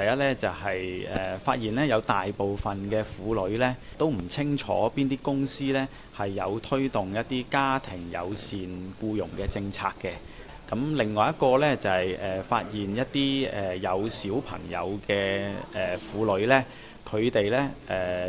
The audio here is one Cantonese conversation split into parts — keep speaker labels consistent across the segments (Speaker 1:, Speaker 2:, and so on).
Speaker 1: 第一呢，就係誒發現呢有大部分嘅婦女呢都唔清楚邊啲公司呢係有推動一啲家庭友善僱傭嘅政策嘅。咁另外一個呢，就係誒發現一啲誒有小朋友嘅誒婦女呢，佢哋呢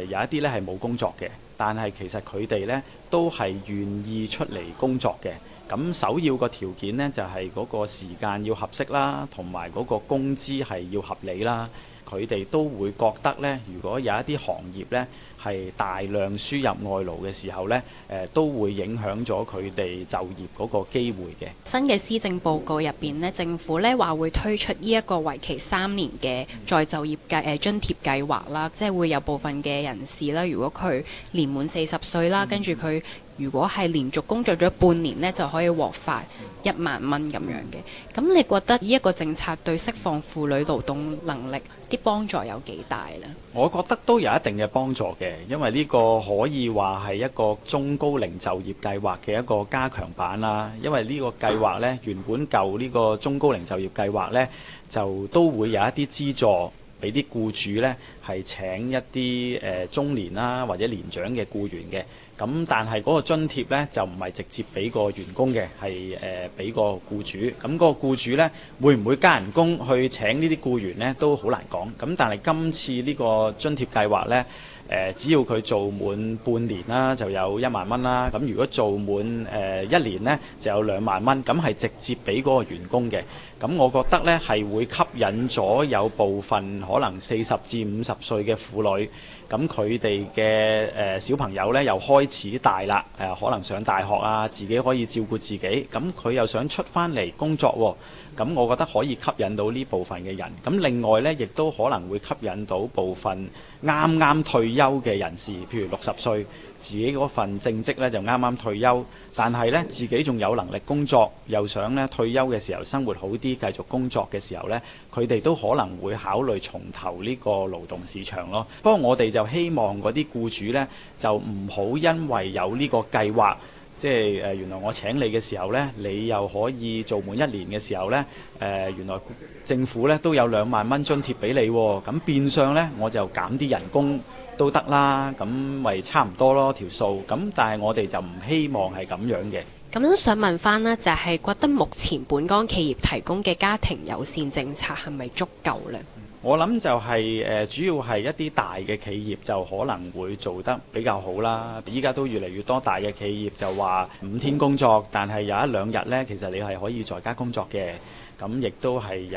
Speaker 1: 有一啲呢係冇工作嘅，但係其實佢哋呢都係願意出嚟工作嘅。咁首要個條件呢，就係嗰個時間要合適啦，同埋嗰個工資係要合理啦。佢哋都會覺得呢，如果有一啲行業呢係大量輸入外勞嘅時候呢，誒、呃、都會影響咗佢哋就業嗰個機會嘅。
Speaker 2: 新嘅施政報告入邊呢，政府呢話會推出呢一個為期三年嘅再就業嘅、呃、津貼計劃啦，即係會有部分嘅人士啦，如果佢年滿四十歲啦，嗯、跟住佢。如果係連續工作咗半年呢，就可以獲發一萬蚊咁樣嘅。咁你覺得呢一個政策對釋放婦女勞動能力啲幫助有幾大呢？
Speaker 1: 我覺得都有一定嘅幫助嘅，因為呢個可以話係一個中高齡就業計劃嘅一個加強版啦。因為呢個計劃呢，原本舊呢個中高齡就業計劃呢，就都會有一啲資助。俾啲僱主呢係請一啲誒、呃、中年啦、啊、或者年長嘅僱員嘅，咁但係嗰個津貼呢，就唔係直接俾個員工嘅，係誒俾個僱主，咁嗰個僱主呢，會唔會加人工去請呢啲僱員呢？都好難講，咁但係今次呢個津貼計劃呢。誒只要佢做滿半年啦，就有一萬蚊啦。咁如果做滿誒一年咧，就有兩萬蚊。咁係直接俾個員工嘅。咁我覺得咧係會吸引咗有部分可能四十至五十歲嘅婦女。咁佢哋嘅誒小朋友咧又開始大啦，誒可能上大學啊，自己可以照顧自己。咁佢又想出翻嚟工作喎。咁我覺得可以吸引到呢部分嘅人。咁另外咧，亦都可能會吸引到部分啱啱退休休嘅人士，譬如六十歲，自己嗰份正職咧就啱啱退休，但係咧自己仲有能力工作，又想咧退休嘅時候生活好啲，繼續工作嘅時候咧，佢哋都可能會考慮重投呢個勞動市場咯。不過我哋就希望嗰啲僱主咧，就唔好因為有呢個計劃。即係誒，原來我請你嘅時候咧，你又可以做滿一年嘅時候咧，誒原來政府咧都有兩萬蚊津貼俾你喎。咁變相咧，我就減啲人工都得啦，咁咪差唔多咯條數。咁但係我哋就唔希望係咁樣嘅。
Speaker 2: 咁想問翻咧，就係覺得目前本港企業提供嘅家庭友善政策係咪足夠咧？
Speaker 1: 我諗就係誒，主要係一啲大嘅企業就可能會做得比較好啦。依家都越嚟越多大嘅企業就話五天工作，但係有一兩日呢，其實你係可以在家工作嘅。咁亦都係有一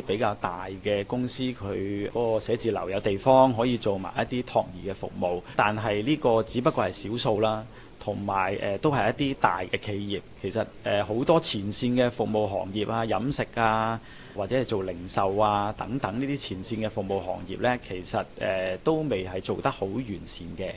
Speaker 1: 啲比較大嘅公司，佢嗰個寫字樓有地方可以做埋一啲託兒嘅服務，但係呢個只不過係少數啦。同埋誒都係一啲大嘅企業，其實誒、呃、好多前線嘅服務行業啊、飲食啊，或者係做零售啊等等呢啲前線嘅服務行業呢，其實誒、呃、都未係做得好完善嘅。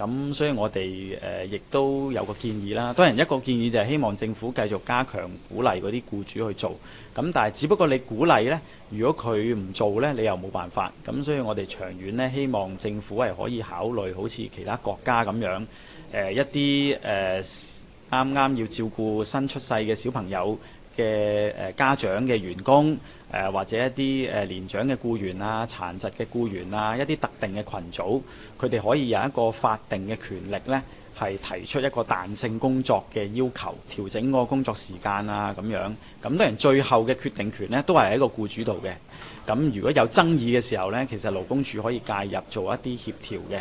Speaker 1: 咁，所以我哋、呃、亦都有個建議啦。當然一個建議就係希望政府繼續加強鼓勵嗰啲僱主去做。咁但係，只不過你鼓勵呢，如果佢唔做呢，你又冇辦法。咁所以我哋長遠呢，希望政府係可以考慮好似其他國家咁樣、呃、一啲誒啱啱要照顧新出世嘅小朋友嘅、呃、家長嘅員工。誒、呃、或者一啲誒年長嘅僱員啊、殘疾嘅僱員啊、一啲特定嘅群組，佢哋可以有一個法定嘅權力呢，係提出一個彈性工作嘅要求，調整個工作時間啊咁樣。咁當然最後嘅決定權呢都係喺個僱主度嘅。咁如果有爭議嘅時候呢，其實勞工處可以介入做一啲協調嘅。